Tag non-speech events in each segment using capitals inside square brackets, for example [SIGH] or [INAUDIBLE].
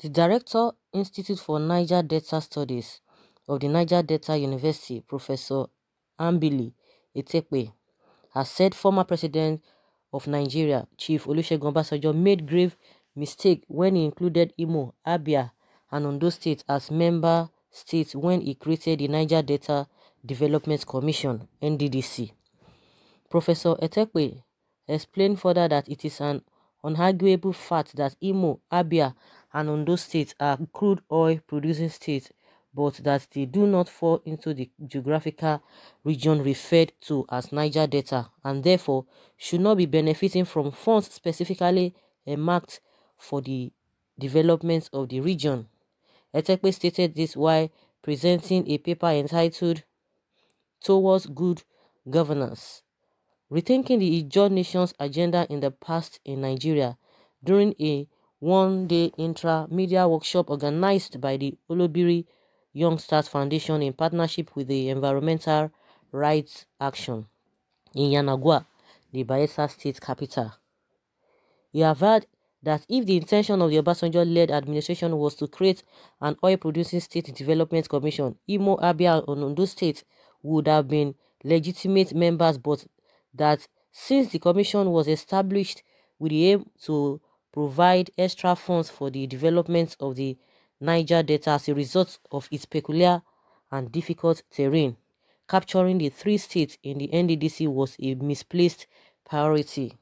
The Director, Institute for Niger Delta Studies of the Niger Delta University, Professor Ambili Etepe, has said former President of Nigeria, Chief Olusegun Obasanjo, made grave mistake when he included Imo, Abia, and Ondo states as member states when he created the Niger Delta Development Commission, NDDC. Professor Etepe explained further that it is an unarguable fact that Imo, Abia, and Ondo states are crude oil producing states, but that they do not fall into the geographical region referred to as Niger Delta and therefore should not be benefiting from funds specifically earmarked for the development of the region. Etekpe stated this while presenting a paper entitled Towards Good Governance Rethinking the Ijaw Nation's agenda in the past in Nigeria during a one-day intra-media workshop organized by the Olobiri Young Stars Foundation in partnership with the Environmental Rights Action in Yanagua, the Bayelsa state capital. He averred that if the intention of the Obasanjo-led administration was to create an oil-producing state development commission, Imo, Abia, and Ondo states would have been legitimate members but that since the commission was established with the aim to provide extra funds for the development of the Niger Delta as a result of its peculiar and difficult terrain, capturing the three states in the NDDC was a misplaced priority.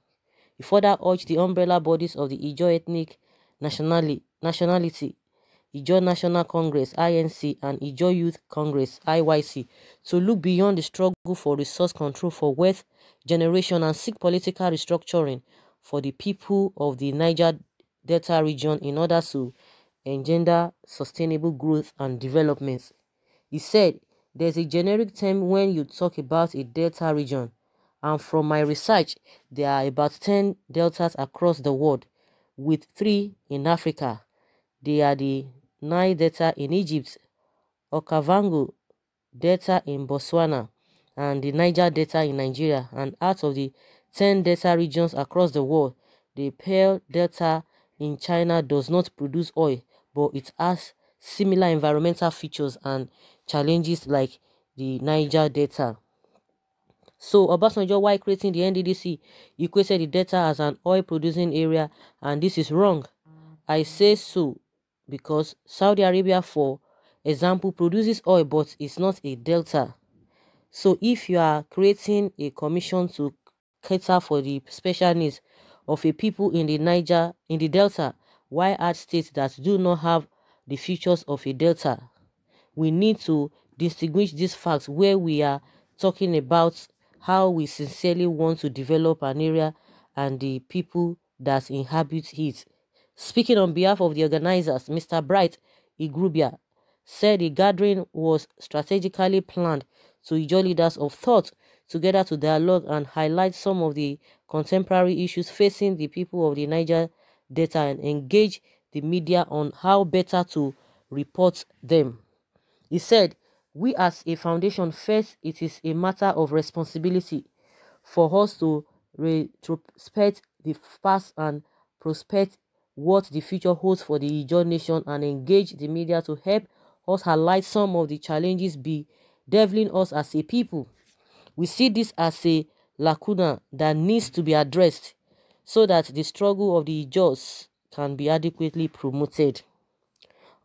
He further urged the umbrella bodies of the Igbo ethnic nationality, nationality Ijo National Congress (INC) and Ijo Youth Congress (IYC) to look beyond the struggle for resource control for wealth generation and seek political restructuring for the people of the Niger Delta region in order to engender sustainable growth and development. He said, there's a generic term when you talk about a delta region, and from my research, there are about 10 deltas across the world, with three in Africa. They are the Nile Delta in Egypt, Okavango Delta in Botswana, and the Niger Delta in Nigeria. And out of the 10 delta regions across the world, the Pearl Delta in China does not produce oil, but it has similar environmental features and challenges like the Niger Delta. So Obasanjo, why creating the NDDC, equated the delta as an oil-producing area, and this is wrong. I say so because Saudi Arabia, for example, produces oil but it's not a delta. So if you are creating a commission to cater for the special needs of a people in the Niger, in the delta, why add states that do not have the features of a delta? We need to distinguish these facts where we are talking about how we sincerely want to develop an area and the people that inhabit it. Speaking on behalf of the organizers, Mr. Bright Igrubia said the gathering was strategically planned to enjoy leaders of thought together to dialogue and highlight some of the contemporary issues facing the people of the Niger Delta and engage the media on how better to report them. He said, We as a foundation, first, it is a matter of responsibility for us to retrospect the past and prospect what the future holds for the Ijaw nation and engage the media to help us highlight some of the challenges Be, deviling us as a people. We see this as a lacuna that needs to be addressed so that the struggle of the Ijaws can be adequately promoted.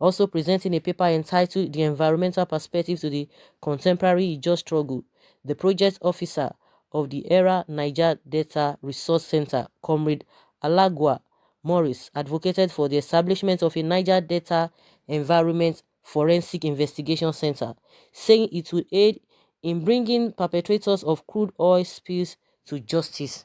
Also presenting a paper entitled The Environmental Perspective to the Contemporary Ijaw Struggle, the project officer of the ERA Niger Data Resource Center, Comrade Alagua Morris advocated for the establishment of a Niger Data Environment Forensic Investigation Center, saying it would aid in bringing perpetrators of crude oil spills to justice.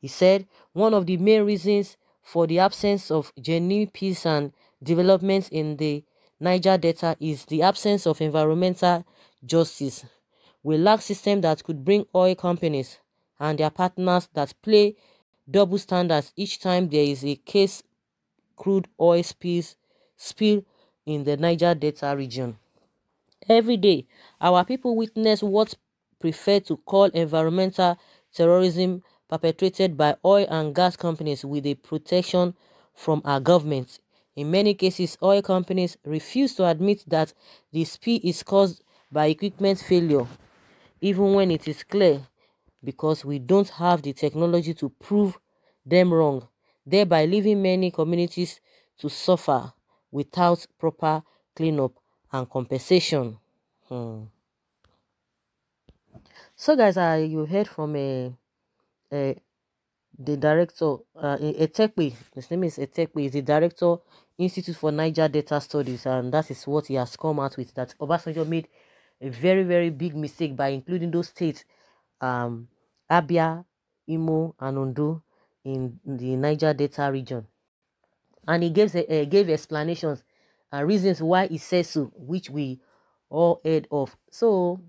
He said one of the main reasons for the absence of genuine peace and development in the Niger Delta is the absence of environmental justice. We lack systems that could bring oil companies and their partners that play double standards each time there is a case crude oil spills, spill in the Niger Delta region. Every day, our people witness what prefer to call environmental terrorism perpetrated by oil and gas companies with a protection from our government. In many cases, oil companies refuse to admit that the spill is caused by equipment failure, even when it is clear because we don't have the technology to prove them wrong, thereby leaving many communities to suffer without proper cleanup and compensation. Hmm. So, guys, uh, you heard from a, eh, a eh, the director, uh, eh, Etekwe, his name is Etekwe, is the director, Institute for Niger Data Studies, and that is what he has come out with, that Obasanjo made a very, very big mistake by including those states um, Abia, Imo, and Undu in the Niger Delta region. And he gave, uh, eh, eh, gave explanations and reasons why he says so, which we all heard of. So,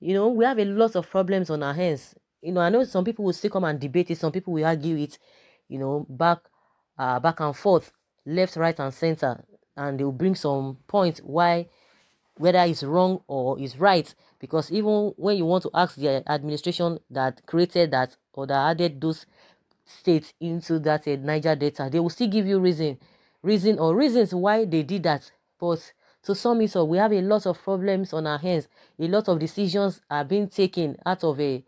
you know, we have a lot of problems on our hands. You know, I know some people will still come and debate it, some people will argue it, you know, back uh, back and forth, left, right, and center, and they'll bring some points why whether it's wrong or it's right because even when you want to ask the administration that created that or that added those states into that uh, niger data they will still give you reason reason or reasons why they did that but to sum it up we have a lot of problems on our hands a lot of decisions are being taken out of a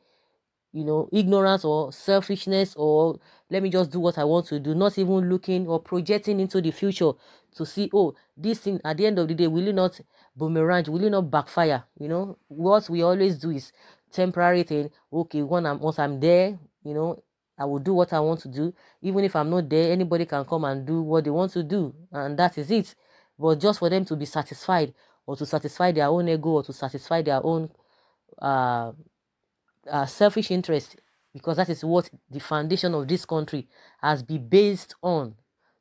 you know ignorance or selfishness or let me just do what i want to do not even looking or projecting into the future to see oh this thing at the end of the day will not boomerang will you not backfire you know what we always do is temporary thing okay when i'm once i'm there you know i will do what i want to do even if i'm not there anybody can come and do what they want to do and that is it but just for them to be satisfied or to satisfy their own ego or to satisfy their own uh, uh, selfish interest because that is what the foundation of this country has been based on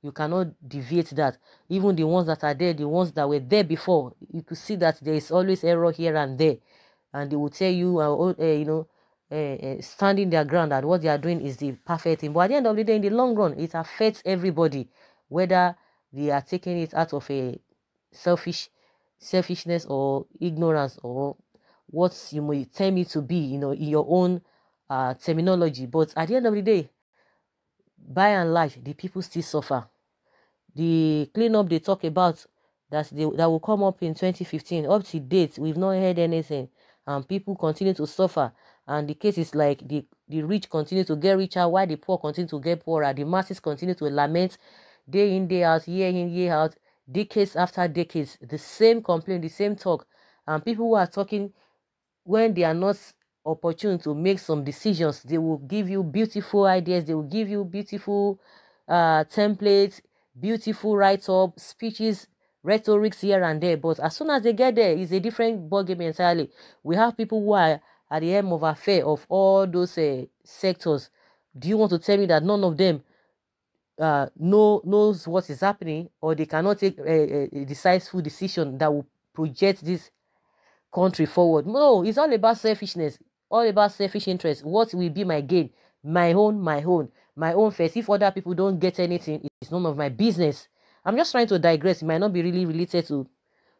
you cannot deviate that. Even the ones that are there, the ones that were there before, you could see that there is always error here and there. And they will tell you, uh, uh, you know, uh, standing their ground that what they are doing is the perfect thing. But at the end of the day, in the long run, it affects everybody, whether they are taking it out of a selfish selfishness or ignorance or what you may tell me to be, you know, in your own uh, terminology. But at the end of the day, by and large, the people still suffer the cleanup they talk about that they, that will come up in 2015 up to date we've not heard anything and people continue to suffer and the case is like the the rich continue to get richer while the poor continue to get poorer the masses continue to lament day in day out year in year out decades after decades the same complaint the same talk and people who are talking when they are not opportune to make some decisions they will give you beautiful ideas they will give you beautiful uh templates beautiful write up, speeches, rhetorics here and there. But as soon as they get there, it's a different ballgame entirely. We have people who are at the helm of affair of all those uh, sectors. Do you want to tell me that none of them uh, know knows what is happening, or they cannot take a, eh, eh, a decisive decision that will project this country forward? No, it's all about selfishness, all about selfish interest. What will be my gain? My own, my own my own face. If other people don't get anything, it's none of my business. I'm just trying to digress. It might not be really related to,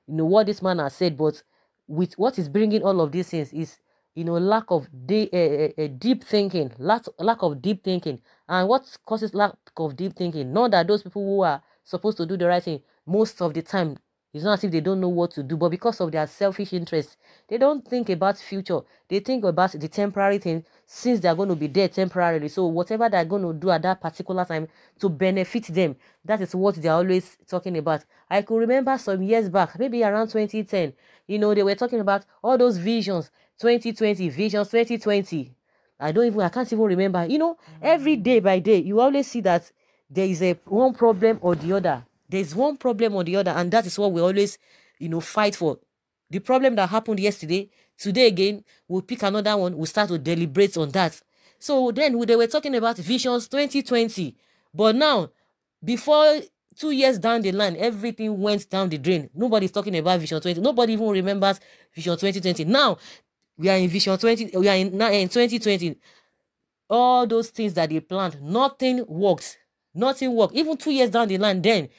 you know, what this man has said, but with what is bringing all of these things is, you know, lack of de- a eh, eh, eh, deep thinking, lack, lack of deep thinking. And what causes lack of deep thinking? Not that those people who are supposed to do the right thing, most of the time, it's not as if they don't know what to do, but because of their selfish interests, they don't think about future. They think about the temporary thing since they're going to be there temporarily. So whatever they're going to do at that particular time to benefit them, that is what they're always talking about. I could remember some years back, maybe around 2010, you know, they were talking about all those visions, 2020, visions 2020. I don't even, I can't even remember. You know, every mm. day by day, you always see that there is a one problem or the other There's one problem or the other, and that is what we always, you know, fight for. The problem that happened yesterday, today again, we'll pick another one, we'll start to deliberate on that. So then they were talking about Visions 2020. But now, before two years down the line, everything went down the drain. Nobody's talking about Vision 20. Nobody even remembers Vision 2020. Now, we are in Vision 20. We are in, now in 2020. All those things that they planned, nothing worked. Nothing worked. Even two years down the line, then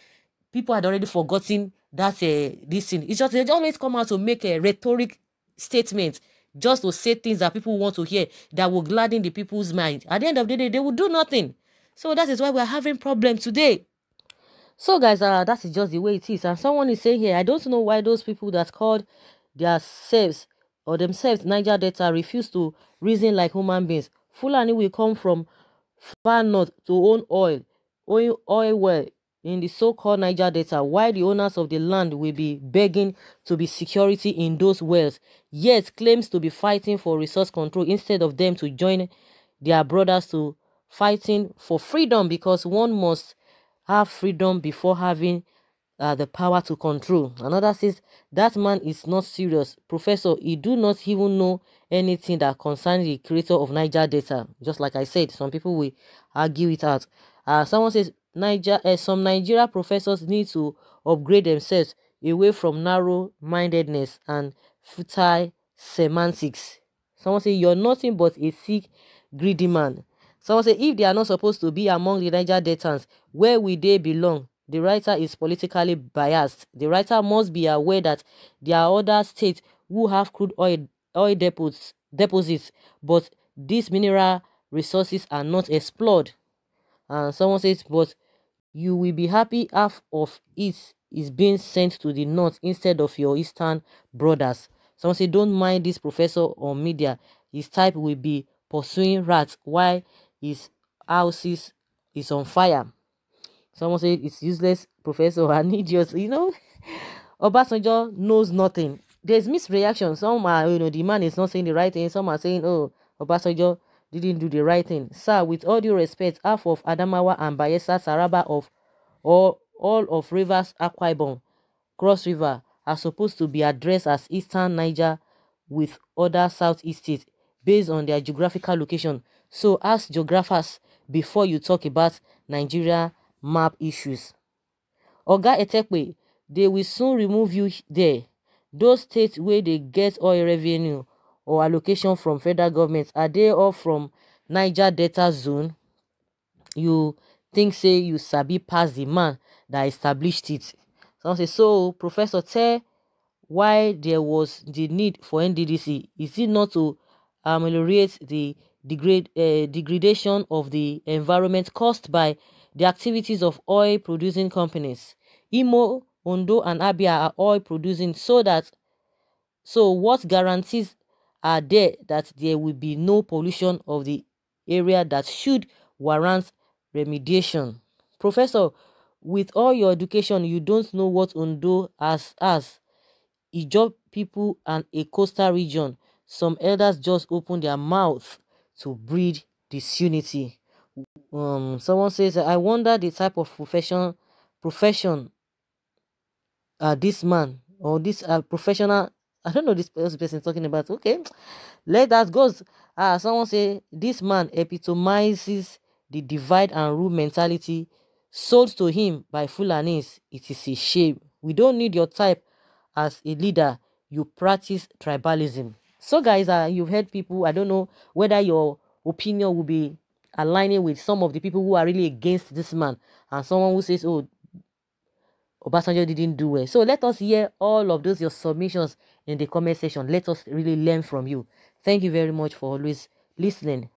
people had already forgotten that uh, this thing. It's just they always come out to make a rhetoric statement just to say things that people want to hear that will gladden the people's mind. At the end of the day, they will do nothing. So that is why we are having problems today. So guys, uh, that is just the way it is. And someone is saying here, I don't know why those people that called themselves or themselves Niger Delta refuse to reason like human beings. Fulani will come from far north to own oil, oil, oil well in the so-called Niger Delta, while the owners of the land will be begging to be security in those wells, yet claims to be fighting for resource control instead of them to join their brothers to fighting for freedom because one must have freedom before having uh, the power to control. Another says, that man is not serious. Professor, he do not even know anything that concerns the creator of Niger Delta. Just like I said, some people will argue it out. Uh, someone says, Niger, uh, some Nigeria professors need to upgrade themselves away from narrow-mindedness and futile semantics. Someone say, you're nothing but a sick, greedy man. Someone say, if they are not supposed to be among the Niger detents, where will they belong? The writer is politically biased. The writer must be aware that there are other states who have crude oil, oil deposits, but these mineral resources are not explored. And someone says, but you will be happy half of it is being sent to the north instead of your eastern brothers. Someone say, don't mind this professor or media. His type will be pursuing rats while his house is, is on fire. Someone say, it's useless, professor, an [LAUGHS] idiot. You know, [LAUGHS] Obasanjo knows nothing. There's misreaction. Some are, you know, the man is not saying the right thing. Some are saying, oh, Obasanjo didn't do the right thing. Sir, with all due respect, half of Adamawa and Bayelsa Saraba of all, all of Rivers Akwa Cross River are supposed to be addressed as Eastern Niger with other Southeast states based on their geographical location. So ask geographers before you talk about Nigeria map issues. Oga Etekwe, they will soon remove you there. Those states where they get oil revenue or allocation from federal government are they all from niger delta zone you think say you sabi pass the man that established it some say so professor tell why there was the need for nddc is it not to ameliorate the degrade, uh, degradation of the environment caused by the activities of oil producing companies imo ondo and abia are oil producing so that so what guarantees are there that there will be no pollution of the area that should warrant remediation. Professor, with all your education, you don't know what undo has as Ijob people and a coastal region. Some elders just open their mouth to breed disunity. Um, someone says, I wonder the type of profession profession uh, this man or this uh, professional I don't know this person talking about. Okay, let that goes. Ah, someone say this man epitomizes the divide and rule mentality sold to him by Fulanis. It is a shame. We don't need your type as a leader. You practice tribalism. So, guys, uh, you've heard people. I don't know whether your opinion will be aligning with some of the people who are really against this man and someone who says, oh, Obasanjo didn't do well. So let us hear all of those your submissions in the comment section. Let us really learn from you. Thank you very much for always listening.